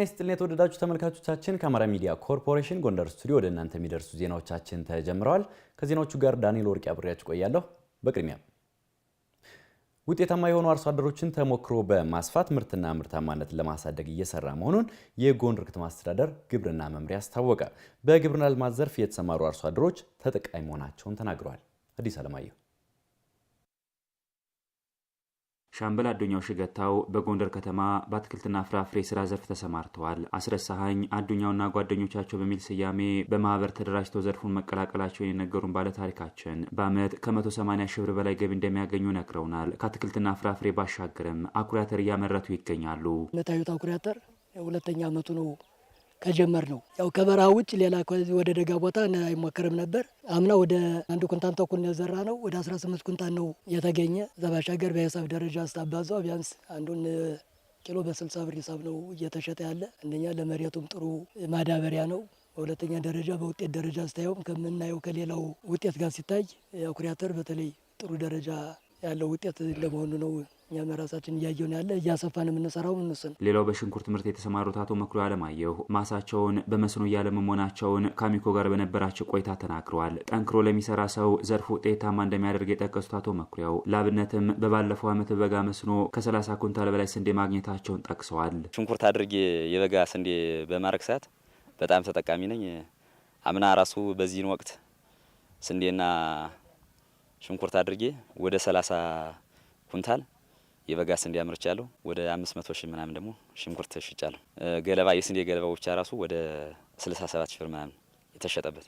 ጤና ይስጥልን የተወደዳችሁ ተመልካቾቻችን ከአማራ ሚዲያ ኮርፖሬሽን ጎንደር ስቱዲዮ ወደ እናንተ የሚደርሱ ዜናዎቻችን ተጀምረዋል። ከዜናዎቹ ጋር ዳንኤል ወርቅ አብሬያችሁ ቆያለሁ። በቅድሚያ ውጤታማ የሆኑ አርሶ አደሮችን ተሞክሮ በማስፋት ምርትና ምርታማነትን ለማሳደግ እየሰራ መሆኑን የጎንደር ከተማ አስተዳደር ግብርና መምሪያ አስታወቀ። በግብርና ልማት ዘርፍ የተሰማሩ አርሶ አደሮች ተጠቃሚ መሆናቸውን ተናግረዋል። አዲስ አለማየሁ ሻምበል አዱኛው ሽገታው በጎንደር ከተማ በአትክልትና ፍራፍሬ ስራ ዘርፍ ተሰማርተዋል። አስረሳሀኝ አዱኛውና ጓደኞቻቸው በሚል ስያሜ በማህበር ተደራጅተው ዘርፉን መቀላቀላቸውን የነገሩን ባለታሪካችን በአመት ከ180 ሺህ ብር በላይ ገቢ እንደሚያገኙ ነግረውናል። ከአትክልትና ፍራፍሬ ባሻገርም አኩሪ አተር እያመረቱ ይገኛሉ። ሁለታዩት አኩሪ አተር ሁለተኛ አመቱ ነው ከጀመር ነው ያው ከበረሃ ውጭ ሌላ ወደ ደጋ ቦታ አይሞከርም ነበር። አምና ወደ አንድ ኩንታን ተኩል የዘራ ነው ወደ 18 ኩንታን ነው የተገኘ። እዛ ባሻገር በሂሳብ ደረጃ ስታባዛው ቢያንስ አንዱን ኪሎ በስልሳ ብር ሂሳብ ነው እየተሸጠ ያለ። አንደኛ ለመሬቱም ጥሩ ማዳበሪያ ነው። በሁለተኛ ደረጃ በውጤት ደረጃ ስታየውም ከምናየው ከሌላው ውጤት ጋር ሲታይ አኩሪ አተር በተለይ ጥሩ ደረጃ ያለው ውጤት ለመሆኑ ነው። እኛም ራሳችን እያየውን ያለ እያሰፋን የምንሰራው እንስን። ሌላው በሽንኩርት ምርት የተሰማሩት አቶ መክሎ አለማየሁ ማሳቸውን በመስኖ እያለመሆናቸውን ከአሚኮ ጋር በነበራቸው ቆይታ ተናግረዋል። ጠንክሮ ለሚሰራ ሰው ዘርፉ ውጤታማ እንደሚያደርግ የጠቀሱት አቶ መኩሪያው ላብነትም በባለፈው ዓመት በበጋ መስኖ ከ30 ኩንታል በላይ ስንዴ ማግኘታቸውን ጠቅሰዋል። ሽንኩርት አድርጌ የበጋ ስንዴ በማረግ ሰዓት በጣም ተጠቃሚ ነኝ። አምና ራሱ በዚህን ወቅት ስንዴና ሽንኩርት አድርጌ ወደ 30 ኩንታል የበጋ ስንዴ አምርቻለሁ። ወደ 500 ሺህ ምናምን ደግሞ ሽንኩርት ሽጫለሁ። ገለባ የስንዴ ገለባ ብቻ ራሱ ወደ 67 ሺህ ብር ምናምን የተሸጠበት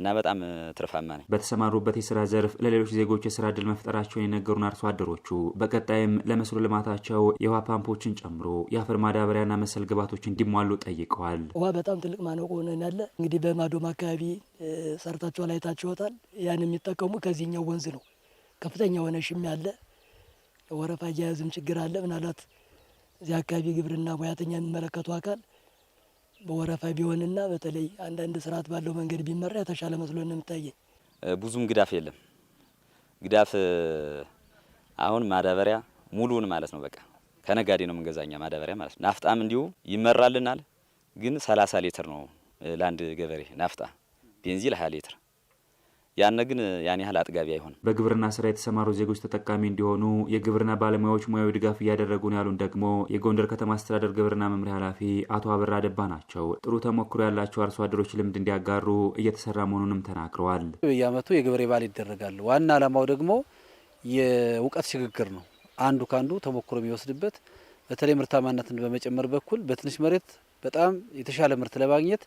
እና በጣም ትርፋማ ነኝ። በተሰማሩበት የስራ ዘርፍ ለሌሎች ዜጎች የስራ እድል መፍጠራቸውን የነገሩን አርሶ አደሮቹ በቀጣይም ለመስሎ ልማታቸው የውሃ ፓምፖችን ጨምሮ የአፈር ማዳበሪያና መሰል ግባቶች እንዲሟሉ ጠይቀዋል። ውሃ በጣም ትልቅ ማነቆ ሆነን ያለ እንግዲህ በማዶም አካባቢ ሰርታቸው ላይታችሁታል። ያን የሚጠቀሙ ከዚህኛው ወንዝ ነው። ከፍተኛ የሆነ ሽም ያለ ወረፋ አያያዝም ችግር አለ። ምናልባት እዚህ አካባቢ ግብርና ሙያተኛ የሚመለከቱ አካል በወረፋ ቢሆንና በተለይ አንዳንድ ስርዓት ባለው መንገድ ቢመራ የተሻለ መስሎ ነው የምታየኝ። ብዙም ግዳፍ የለም። ግዳፍ አሁን ማዳበሪያ ሙሉውን ማለት ነው በቃ ከነጋዴ ነው የምንገዛኛ ማዳበሪያ ማለት ነው። ናፍጣም እንዲሁ ይመራልናል፣ ግን ሰላሳ ሊትር ነው ለአንድ ገበሬ ናፍጣ፣ ቤንዚል 20 ሊትር ያነ ግን ያን ያህል አጥጋቢ አይሆንም። በግብርና ስራ የተሰማሩ ዜጎች ተጠቃሚ እንዲሆኑ የግብርና ባለሙያዎች ሙያዊ ድጋፍ እያደረጉ ነው ያሉን ደግሞ የጎንደር ከተማ አስተዳደር ግብርና መምሪያ ኃላፊ አቶ አበራ ደባ ናቸው። ጥሩ ተሞክሮ ያላቸው አርሶ አደሮች ልምድ እንዲያጋሩ እየተሰራ መሆኑንም ተናግረዋል። በየአመቱ የገበሬ በዓል ይደረጋል። ዋና አላማው ደግሞ የእውቀት ሽግግር ነው። አንዱ ከአንዱ ተሞክሮ የሚወስድበት በተለይ ምርታማነትን በመጨመር በኩል በትንሽ መሬት በጣም የተሻለ ምርት ለማግኘት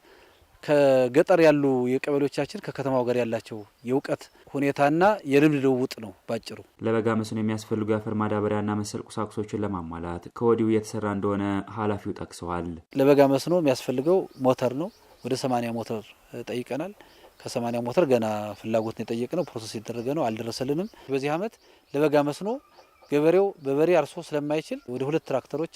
ከገጠር ያሉ የቀበሌዎቻችን ከከተማው ጋር ያላቸው የእውቀት ሁኔታና የልምድ ልውውጥ ነው። ባጭሩ ለበጋ መስኖ የሚያስፈልጉ የአፈር ማዳበሪያና መሰል ቁሳቁሶችን ለማሟላት ከወዲሁ እየተሰራ እንደሆነ ኃላፊው ጠቅሰዋል። ለበጋ መስኖ የሚያስፈልገው ሞተር ነው። ወደ ሰማኒያ ሞተር ጠይቀናል። ከሰማኒያ ሞተር ገና ፍላጎት ነው የጠየቅነው። ፕሮሰስ የተደረገ ነው፣ አልደረሰልንም። በዚህ ዓመት ለበጋ መስኖ ገበሬው በበሬ አርሶ ስለማይችል ወደ ሁለት ትራክተሮች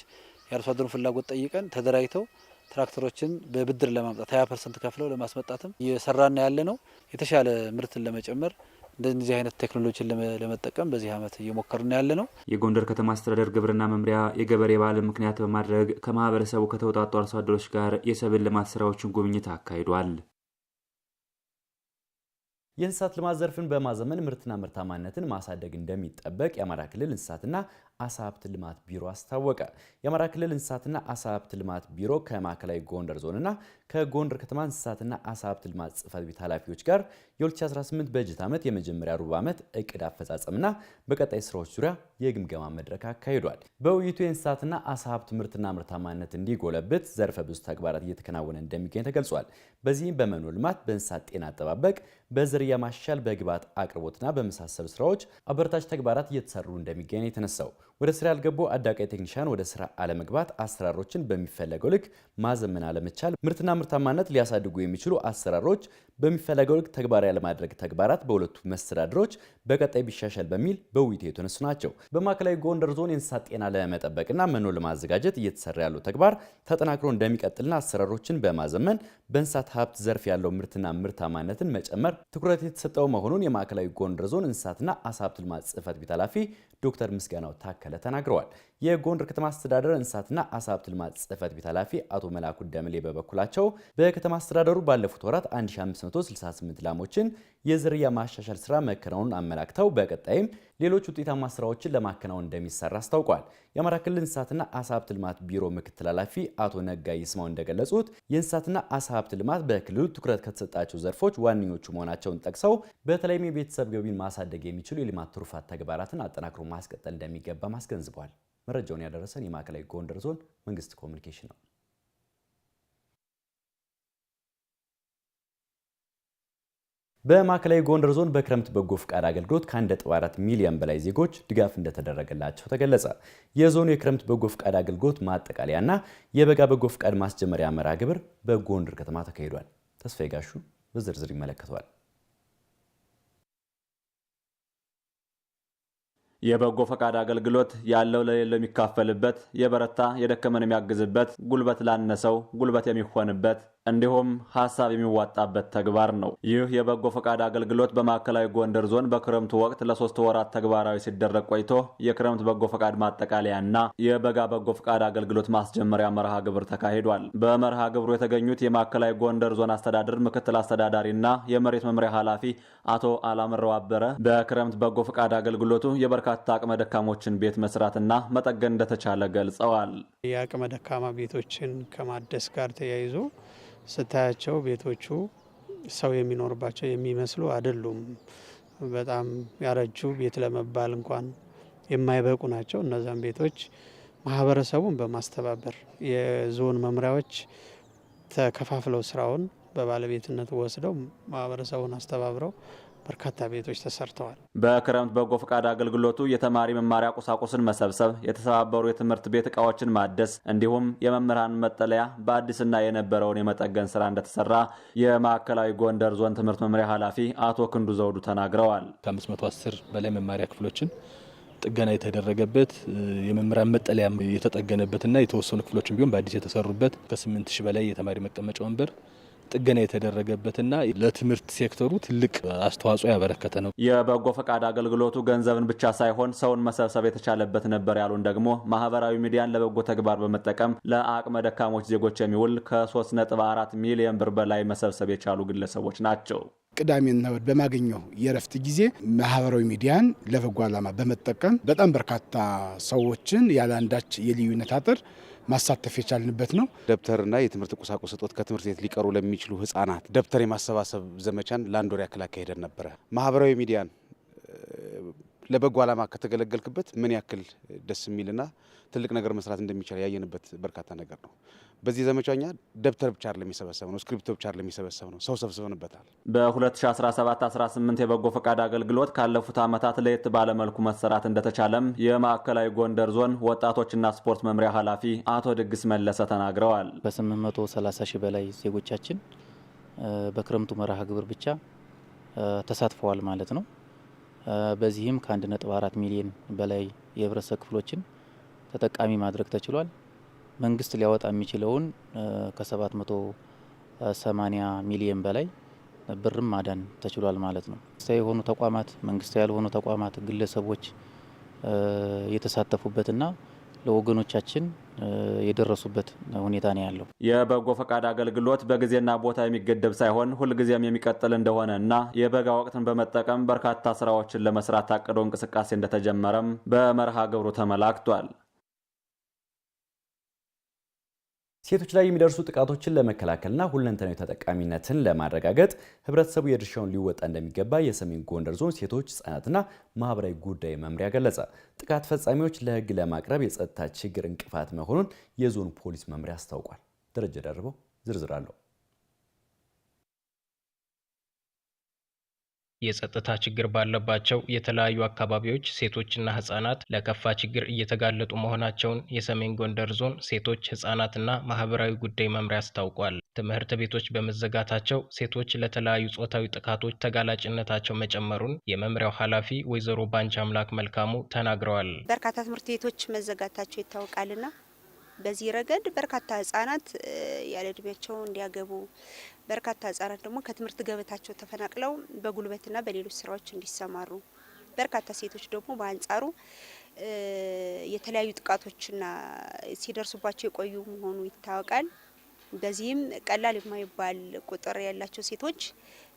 የአርሶ አደሩን ፍላጎት ጠይቀን ተደራጅተው ትራክተሮችን በብድር ለማምጣት ሀያ ፐርሰንት ከፍለው ለማስመጣትም እየሰራና ያለ ነው። የተሻለ ምርትን ለመጨመር እንደዚህ አይነት ቴክኖሎጂን ለመጠቀም በዚህ ዓመት እየሞከርን ያለ ነው። የጎንደር ከተማ አስተዳደር ግብርና መምሪያ የገበሬ በዓል ምክንያት በማድረግ ከማህበረሰቡ ከተውጣጡ አርሶ አደሮች ጋር የሰብል ልማት ስራዎችን ጉብኝት አካሂዷል። የእንስሳት ልማት ዘርፍን በማዘመን ምርትና ምርታማነትን ማሳደግ እንደሚጠበቅ የአማራ ክልል እንስሳትና አሳ ሀብት ልማት ቢሮ አስታወቀ። የአማራ ክልል እንስሳትና አሳ ሀብት ልማት ቢሮ ከማዕከላዊ ጎንደር ዞንና ከጎንደር ከተማ እንስሳትና አሳ ሀብት ልማት ጽፈት ቤት ኃላፊዎች ጋር የ2018 በጀት ዓመት የመጀመሪያ ሩብ ዓመት እቅድ አፈጻጸምና በቀጣይ ስራዎች ዙሪያ የግምገማ መድረክ አካሂዷል። በውይይቱ የእንስሳትና አሳ ሀብት ምርትና ምርታማነት እንዲጎለብት ዘርፈ ብዙ ተግባራት እየተከናወነ እንደሚገኝ ተገልጿል። በዚህም በመኖ ልማት፣ በእንስሳት ጤና አጠባበቅ፣ በዝርያ ማሻል፣ በግብዓት አቅርቦትና በመሳሰሉ ስራዎች አበረታች ተግባራት እየተሰሩ እንደሚገኝ የተነሳው ወደ ስራ ያልገቡ አዳቃይ ቴክኒሽያን ወደ ስራ አለመግባት፣ አሰራሮችን በሚፈለገው ልክ ማዘመን አለመቻል፣ ምርትና ምርታማነት ሊያሳድጉ የሚችሉ አሰራሮች በሚፈለገው ልክ ተግባራዊ ያለማድረግ ተግባራት በሁለቱ መስተዳድሮች በቀጣይ ቢሻሻል በሚል በውይይት የተነሱ ናቸው። በማዕከላዊ ጎንደር ዞን የእንስሳት ጤና ለመጠበቅና መኖ ለማዘጋጀት እየተሰራ ያለው ተግባር ተጠናክሮ እንደሚቀጥልና አሰራሮችን በማዘመን በእንስሳት ሀብት ዘርፍ ያለው ምርትና ምርታማነትን መጨመር ትኩረት የተሰጠው መሆኑን የማዕከላዊ ጎንደር ዞን እንስሳትና አሳ ሀብት ልማት ጽህፈት ቤት ኃላፊ ዶክተር ምስጋናው ታከለ ተናግረዋል። የጎንደር ከተማ አስተዳደር እንስሳትና አሳ ሀብት ልማት ጽፈት ቤት ኃላፊ አቶ መላኩ ደምሌ በበኩላቸው በከተማ አስተዳደሩ ባለፉት ወራት 1568 ላሞችን የዝርያ ማሻሻል ስራ መከናወኑን አመላክተው በቀጣይም ሌሎች ውጤታማ ስራዎችን ለማከናወን እንደሚሰራ አስታውቋል። የአማራ ክልል እንስሳትና አሳ ሀብት ልማት ቢሮ ምክትል ኃላፊ አቶ ነጋ ይስማው እንደገለጹት የእንስሳትና አሳ ሀብት ልማት በክልሉ ትኩረት ከተሰጣቸው ዘርፎች ዋነኞቹ መሆናቸውን ጠቅሰው በተለይም የቤተሰብ ገቢን ማሳደግ የሚችሉ የልማት ትሩፋት ተግባራትን አጠናክሮ ማስቀጠል እንደሚገባ አስገንዝቧል። መረጃውን ያደረሰን የማዕከላዊ ጎንደር ዞን መንግስት ኮሚኒኬሽን ነው። በማዕከላዊ ጎንደር ዞን በክረምት በጎ ፍቃድ አገልግሎት ከ1.4 ሚሊዮን በላይ ዜጎች ድጋፍ እንደተደረገላቸው ተገለጸ። የዞኑ የክረምት በጎ ፍቃድ አገልግሎት ማጠቃለያና የበጋ በጎ ፍቃድ ማስጀመሪያ መርሃ ግብር በጎንደር ከተማ ተካሂዷል። ተስፋዬ ጋሹ በዝርዝር ይመለከተዋል። የበጎ ፈቃድ አገልግሎት ያለው ለሌለው የሚካፈልበት፣ የበረታ የደከመን የሚያግዝበት፣ ጉልበት ላነሰው ጉልበት የሚሆንበት እንዲሁም ሀሳብ የሚዋጣበት ተግባር ነው። ይህ የበጎ ፈቃድ አገልግሎት በማዕከላዊ ጎንደር ዞን በክረምቱ ወቅት ለሶስት ወራት ተግባራዊ ሲደረግ ቆይቶ የክረምት በጎ ፈቃድ ማጠቃለያና የበጋ በጎ ፈቃድ አገልግሎት ማስጀመሪያ መርሃ ግብር ተካሂዷል። በመርሃ ግብሩ የተገኙት የማዕከላዊ ጎንደር ዞን አስተዳደር ምክትል አስተዳዳሪና የመሬት መምሪያ ኃላፊ አቶ አላምረው አበረ በክረምት በጎ ፈቃድ አገልግሎቱ የበርካታ አቅመ ደካሞችን ቤት መስራትና መጠገን እንደተቻለ ገልጸዋል። የአቅመ ደካማ ቤቶችን ከማደስ ጋር ተያይዞ ስታያቸው ቤቶቹ ሰው የሚኖርባቸው የሚመስሉ አይደሉም። በጣም ያረጁ ቤት ለመባል እንኳን የማይበቁ ናቸው። እነዛም ቤቶች ማህበረሰቡን በማስተባበር የዞን መምሪያዎች ተከፋፍለው ስራውን በባለቤትነት ወስደው ማህበረሰቡን አስተባብረው በርካታ ቤቶች ተሰርተዋል። በክረምት በጎ ፈቃድ አገልግሎቱ የተማሪ መማሪያ ቁሳቁስን መሰብሰብ፣ የተሰባበሩ የትምህርት ቤት እቃዎችን ማደስ እንዲሁም የመምህራን መጠለያ በአዲስና የነበረውን የመጠገን ስራ እንደተሰራ የማዕከላዊ ጎንደር ዞን ትምህርት መምሪያ ኃላፊ አቶ ክንዱ ዘውዱ ተናግረዋል። ከ510 በላይ መማሪያ ክፍሎችን ጥገና የተደረገበት የመምህራን መጠለያ የተጠገነበትና የተወሰኑ ክፍሎችን ቢሆን በአዲስ የተሰሩበት ከ8 ሺ በላይ የተማሪ መቀመጫ ወንበር ጥገና የተደረገበትና ለትምህርት ሴክተሩ ትልቅ አስተዋጽኦ ያበረከተ ነው። የበጎ ፈቃድ አገልግሎቱ ገንዘብን ብቻ ሳይሆን ሰውን መሰብሰብ የተቻለበት ነበር ያሉን ደግሞ ማህበራዊ ሚዲያን ለበጎ ተግባር በመጠቀም ለአቅመ ደካሞች ዜጎች የሚውል ከ3.4 ሚሊዮን ብር በላይ መሰብሰብ የቻሉ ግለሰቦች ናቸው። ቅዳሜና እሁድ በማገኘው የእረፍት ጊዜ ማህበራዊ ሚዲያን ለበጎ ዓላማ በመጠቀም በጣም በርካታ ሰዎችን ያለ አንዳች የልዩነት አጥር ማሳተፍ የቻልንበት ነው። ደብተርና የትምህርት ቁሳቁስ እጦት ከትምህርት ቤት ሊቀሩ ለሚችሉ ህጻናት ደብተር የማሰባሰብ ዘመቻን ለአንድ ወር ያክል አካሄደን ነበረ። ማህበራዊ ሚዲያን ለበጎ ዓላማ ከተገለገልክበት ምን ያክል ደስ የሚልና ትልቅ ነገር መስራት እንደሚቻል ያየንበት በርካታ ነገር ነው። በዚህ ዘመቻኛ ደብተር ብቻ አይደለም የሚሰበሰብ ነው፣ ስክሪፕቶ ብቻ አይደለም የሚሰበሰብ ነው፣ ሰው ሰብስበንበታል። በ2017/18 የበጎ ፈቃድ አገልግሎት ካለፉት ዓመታት ለየት ባለመልኩ መሰራት እንደተቻለም የማዕከላዊ ጎንደር ዞን ወጣቶችና ስፖርት መምሪያ ኃላፊ አቶ ድግስ መለሰ ተናግረዋል። በ830 ሺህ በላይ ዜጎቻችን በክረምቱ መርሃ ግብር ብቻ ተሳትፈዋል ማለት ነው። በዚህም ከ1.4 ሚሊዮን በላይ የህብረተሰብ ክፍሎችን ተጠቃሚ ማድረግ ተችሏል። መንግስት ሊያወጣ የሚችለውን ከ780 ሚሊዮን በላይ ብርም ማዳን ተችሏል ማለት ነው። መንግስታዊ የሆኑ ተቋማት፣ መንግስታዊ ያልሆኑ ተቋማት፣ ግለሰቦች የተሳተፉበትና ለወገኖቻችን የደረሱበት ሁኔታ ነው ያለው። የበጎ ፈቃድ አገልግሎት በጊዜና ቦታ የሚገደብ ሳይሆን ሁልጊዜም የሚቀጥል እንደሆነ እና የበጋ ወቅትን በመጠቀም በርካታ ስራዎችን ለመስራት ታቅዶ እንቅስቃሴ እንደተጀመረም በመርሃ ግብሩ ተመላክቷል። ሴቶች ላይ የሚደርሱ ጥቃቶችን ለመከላከልና ሁለንተናዊ ተጠቃሚነትን ለማረጋገጥ ህብረተሰቡ የድርሻውን ሊወጣ እንደሚገባ የሰሜን ጎንደር ዞን ሴቶች ህጻናትና ማህበራዊ ጉዳይ መምሪያ ገለጸ። ጥቃት ፈጻሚዎች ለህግ ለማቅረብ የጸጥታ ችግር እንቅፋት መሆኑን የዞኑ ፖሊስ መምሪያ አስታውቋል። ደረጀ ደርበው ዝርዝር አለው። የጸጥታ ችግር ባለባቸው የተለያዩ አካባቢዎች ሴቶችና ህጻናት ለከፋ ችግር እየተጋለጡ መሆናቸውን የሰሜን ጎንደር ዞን ሴቶች ህጻናትና ማህበራዊ ጉዳይ መምሪያ አስታውቋል። ትምህርት ቤቶች በመዘጋታቸው ሴቶች ለተለያዩ ጾታዊ ጥቃቶች ተጋላጭነታቸው መጨመሩን የመምሪያው ኃላፊ ወይዘሮ ባንቻ አምላክ መልካሙ ተናግረዋል። በርካታ ትምህርት ቤቶች መዘጋታቸው ይታወቃልና በዚህ ረገድ በርካታ ህጻናት ያለ እድሜያቸው እንዲያገቡ፣ በርካታ ህጻናት ደግሞ ከትምህርት ገበታቸው ተፈናቅለው በጉልበትና በሌሎች ስራዎች እንዲሰማሩ፣ በርካታ ሴቶች ደግሞ በአንጻሩ የተለያዩ ጥቃቶችና ሲደርሱባቸው የቆዩ መሆኑ ይታወቃል። በዚህም ቀላል የማይባል ቁጥር ያላቸው ሴቶች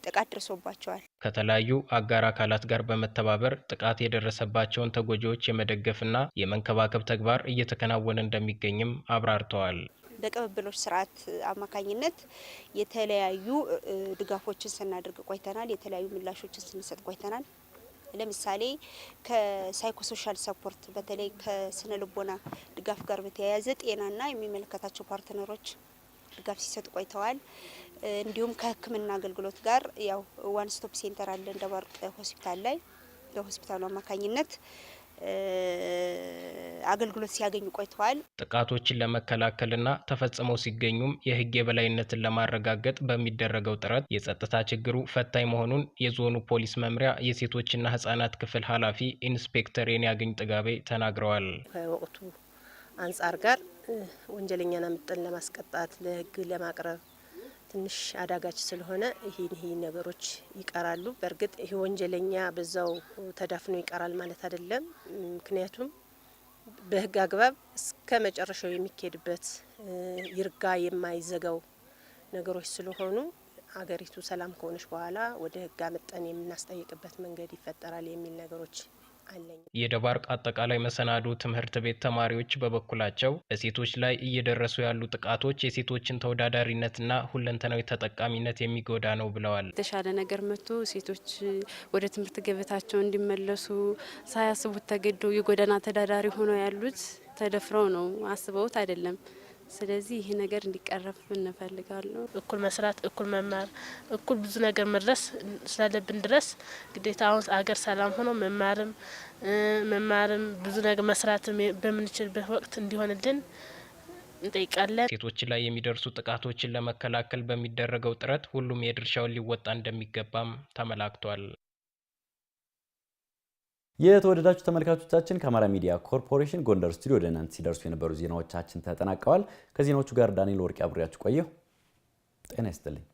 ጥቃት ደርሶባቸዋል። ከተለያዩ አጋር አካላት ጋር በመተባበር ጥቃት የደረሰባቸውን ተጎጂዎች የመደገፍና የመንከባከብ ተግባር እየተከናወነ እንደሚገኝም አብራርተዋል። በቅብብሎች ስርዓት አማካኝነት የተለያዩ ድጋፎችን ስናደርግ ቆይተናል። የተለያዩ ምላሾችን ስንሰጥ ቆይተናል። ለምሳሌ ከሳይኮሶሻል ሰፖርት በተለይ ከስነ ልቦና ድጋፍ ጋር በተያያዘ ጤናና የሚመለከታቸው ፓርትነሮች ድጋፍ ሲሰጥ ቆይተዋል። እንዲሁም ከሕክምና አገልግሎት ጋር ያው ዋን ስቶፕ ሴንተር አለ እንደ ባርቅ ሆስፒታል ላይ በሆስፒታሉ አማካኝነት አገልግሎት ሲያገኙ ቆይተዋል። ጥቃቶችን ለመከላከልና ተፈጽመው ሲገኙም የህግ የበላይነትን ለማረጋገጥ በሚደረገው ጥረት የጸጥታ ችግሩ ፈታኝ መሆኑን የዞኑ ፖሊስ መምሪያ የሴቶችና ህጻናት ክፍል ኃላፊ ኢንስፔክተር የኒያገኝ ጥጋቤ ተናግረዋል። አንጻር ጋር ወንጀለኛን አምጠን ለማስቀጣት ለህግ ለማቅረብ ትንሽ አዳጋች ስለሆነ ይህን ይህ ነገሮች ይቀራሉ። በእርግጥ ይህ ወንጀለኛ በዛው ተዳፍኖ ይቀራል ማለት አይደለም። ምክንያቱም በህግ አግባብ እስከ መጨረሻው የሚካሄድበት ይርጋ የማይዘጋው ነገሮች ስለሆኑ አገሪቱ ሰላም ከሆነች በኋላ ወደ ህግ አመጠን የምናስጠይቅበት መንገድ ይፈጠራል የሚል ነገሮች አለኝ። የደባርቅ አጠቃላይ መሰናዶ ትምህርት ቤት ተማሪዎች በበኩላቸው በሴቶች ላይ እየደረሱ ያሉ ጥቃቶች የሴቶችን ተወዳዳሪነትና ሁለንተናዊ ተጠቃሚነት የሚጎዳ ነው ብለዋል። የተሻለ ነገር መጥቶ ሴቶች ወደ ትምህርት ገበታቸው እንዲመለሱ ሳያስቡት ተገዶ የጎዳና ተዳዳሪ ሆነው ያሉት ተደፍረው ነው፣ አስበውት አይደለም። ስለዚህ ይሄ ነገር እንዲቀረፍ እንፈልጋለሁ። እኩል መስራት፣ እኩል መማር፣ እኩል ብዙ ነገር መድረስ ስላለብን ድረስ ግዴታ አሁን አገር ሰላም ሆኖ መማርም መማርም ብዙ ነገር መስራትም በምንችልበት ወቅት እንዲሆንልን እንጠይቃለን። ሴቶች ላይ የሚደርሱ ጥቃቶችን ለመከላከል በሚደረገው ጥረት ሁሉም የድርሻውን ሊወጣ እንደሚገባም ተመላክቷል። የተወደዳችሁ ተመልካቾቻችን ከአማራ ሚዲያ ኮርፖሬሽን ጎንደር ስቱዲዮ ወደ እናንተ ሲደርሱ የነበሩ ዜናዎቻችን ተጠናቀዋል። ከዜናዎቹ ጋር ዳንኤል ወርቅ አብሬያችሁ ቆየሁ። ጤና ይስጥልኝ።